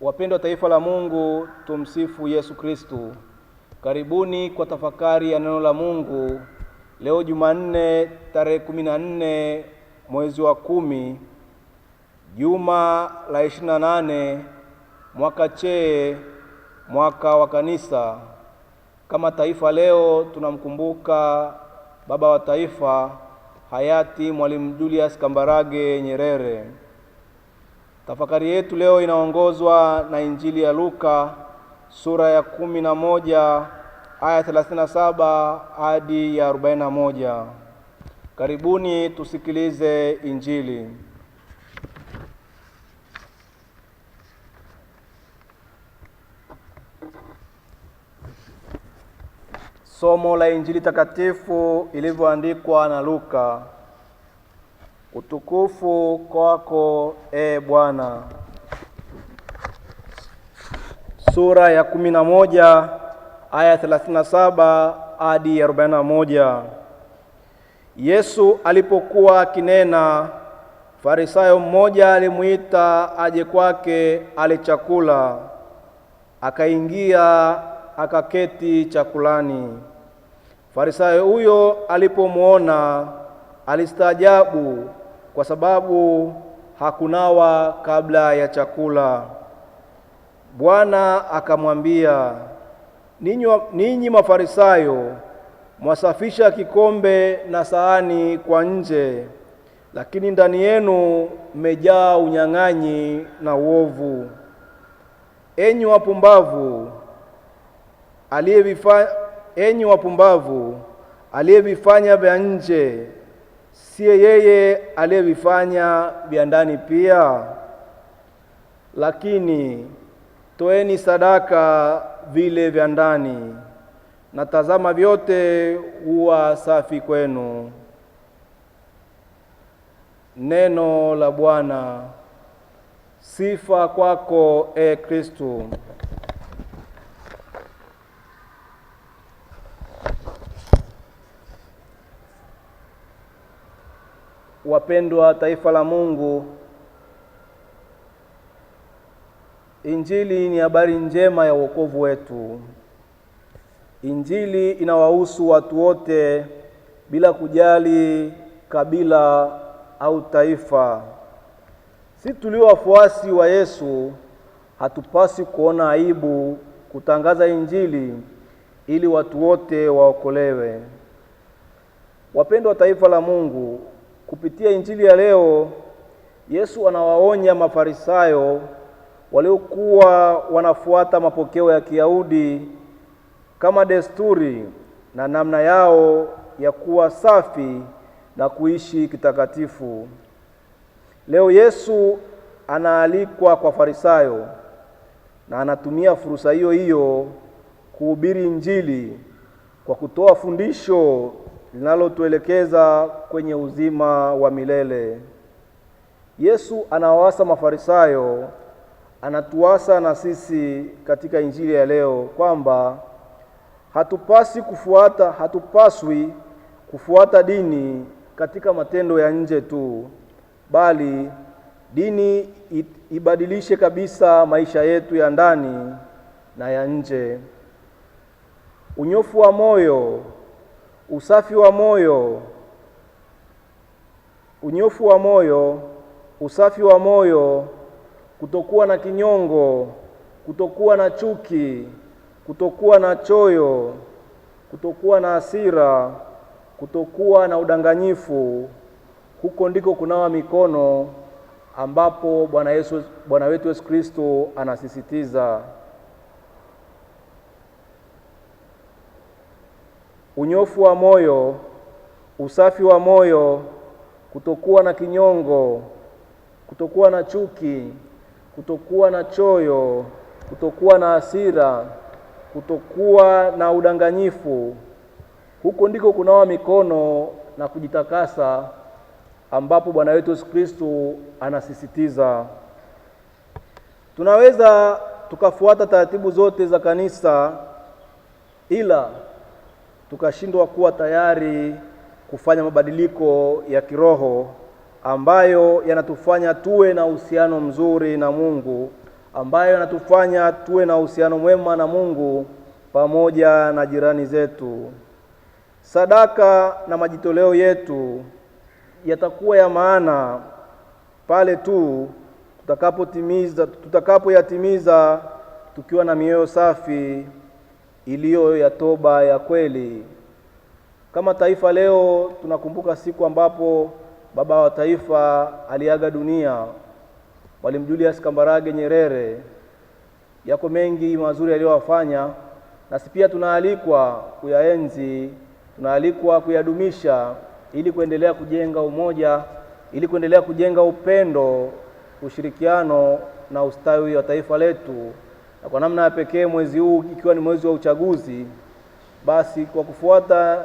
Wapendwa taifa la Mungu, tumsifu Yesu Kristu. Karibuni kwa tafakari ya neno la Mungu leo Jumanne tarehe 14 mwezi wa kumi, juma la 28 mwaka chee mwaka wa kanisa. Kama taifa leo tunamkumbuka baba wa taifa hayati Mwalimu Julius Kambarage Nyerere. Tafakari yetu leo inaongozwa na Injili ya Luka sura ya kumi na moja aya 37 hadi ya 41. Karibuni tusikilize Injili. Somo la Injili takatifu ilivyoandikwa na Luka. Utukufu kwako e Bwana. Sura ya kumi na moja aya 37 hadi 41. Yesu alipokuwa akinena, Farisayo mmoja alimwita aje kwake ale chakula. Akaingia akaketi chakulani. Farisayo huyo alipomwona alistaajabu kwa sababu hakunawa kabla ya chakula. Bwana akamwambia, ninyi Mafarisayo mwasafisha kikombe na sahani kwa nje, lakini ndani yenu mmejaa unyang'anyi na uovu. Enyi wapumbavu, aliyevifanya enyi wapumbavu, aliyevifanya vya nje siye yeye aliyevifanya vya ndani pia? Lakini toeni sadaka vile vya ndani, na tazama, vyote huwa safi kwenu. Neno la Bwana. Sifa kwako, e Kristo. Wapendwa taifa la Mungu, Injili ni habari njema ya wokovu wetu. Injili inawahusu watu wote bila kujali kabila au taifa. Si tulio wafuasi wa Yesu hatupasi kuona aibu kutangaza Injili ili watu wote waokolewe. Wapendwa taifa la Mungu, Kupitia injili ya leo, Yesu anawaonya Mafarisayo waliokuwa wanafuata mapokeo ya Kiyahudi kama desturi na namna yao ya kuwa safi na kuishi kitakatifu. Leo Yesu anaalikwa kwa Farisayo na anatumia fursa hiyo hiyo kuhubiri injili kwa kutoa fundisho linalotuelekeza kwenye uzima wa milele. Yesu anawaasa Mafarisayo, anatuasa na sisi katika injili ya leo kwamba hatupasi kufuata, hatupaswi kufuata dini katika matendo ya nje tu, bali dini ibadilishe kabisa maisha yetu ya ndani na ya nje. Unyofu wa moyo usafi wa moyo, unyofu wa moyo, usafi wa moyo, kutokuwa na kinyongo, kutokuwa na chuki, kutokuwa na choyo, kutokuwa na hasira, kutokuwa na udanganyifu. Huko ndiko kunawa mikono ambapo Bwana Yesu, Bwana wetu Yesu Kristo anasisitiza unyofu wa moyo, usafi wa moyo, kutokuwa na kinyongo, kutokuwa na chuki, kutokuwa na choyo, kutokuwa na hasira, kutokuwa na udanganyifu. Huko ndiko kunawa mikono na kujitakasa, ambapo Bwana wetu Yesu Kristo anasisitiza. Tunaweza tukafuata taratibu zote za kanisa, ila tukashindwa kuwa tayari kufanya mabadiliko ya kiroho ambayo yanatufanya tuwe na uhusiano mzuri na Mungu, ambayo yanatufanya tuwe na uhusiano mwema na Mungu pamoja na jirani zetu. Sadaka na majitoleo yetu yatakuwa ya maana pale tu tutakapotimiza tutakapoyatimiza tukiwa na mioyo safi iliyo ya toba ya kweli. Kama taifa leo tunakumbuka siku ambapo baba wa taifa aliaga dunia, Mwalimu Julius Kambarage Nyerere. Yako mengi mazuri aliyowafanya, nasi pia tunaalikwa kuyaenzi, tunaalikwa kuyadumisha ili kuendelea kujenga umoja, ili kuendelea kujenga upendo, ushirikiano na ustawi wa taifa letu na kwa namna ya pekee mwezi huu ikiwa ni mwezi wa uchaguzi, basi kwa kufuata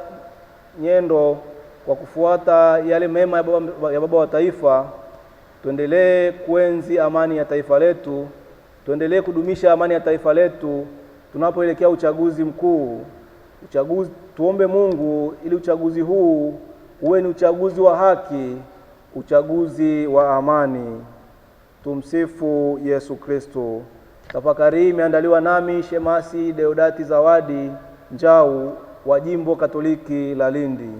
nyendo, kwa kufuata yale mema ya baba, ya baba wa taifa, tuendelee kuenzi amani ya taifa letu, tuendelee kudumisha amani ya taifa letu tunapoelekea uchaguzi mkuu. Uchaguzi, tuombe Mungu ili uchaguzi huu uwe ni uchaguzi wa haki, uchaguzi wa amani. Tumsifu Yesu Kristo. Tafakari hii imeandaliwa nami Shemasi Deodati Zawadi Njau wa Jimbo Katoliki la Lindi.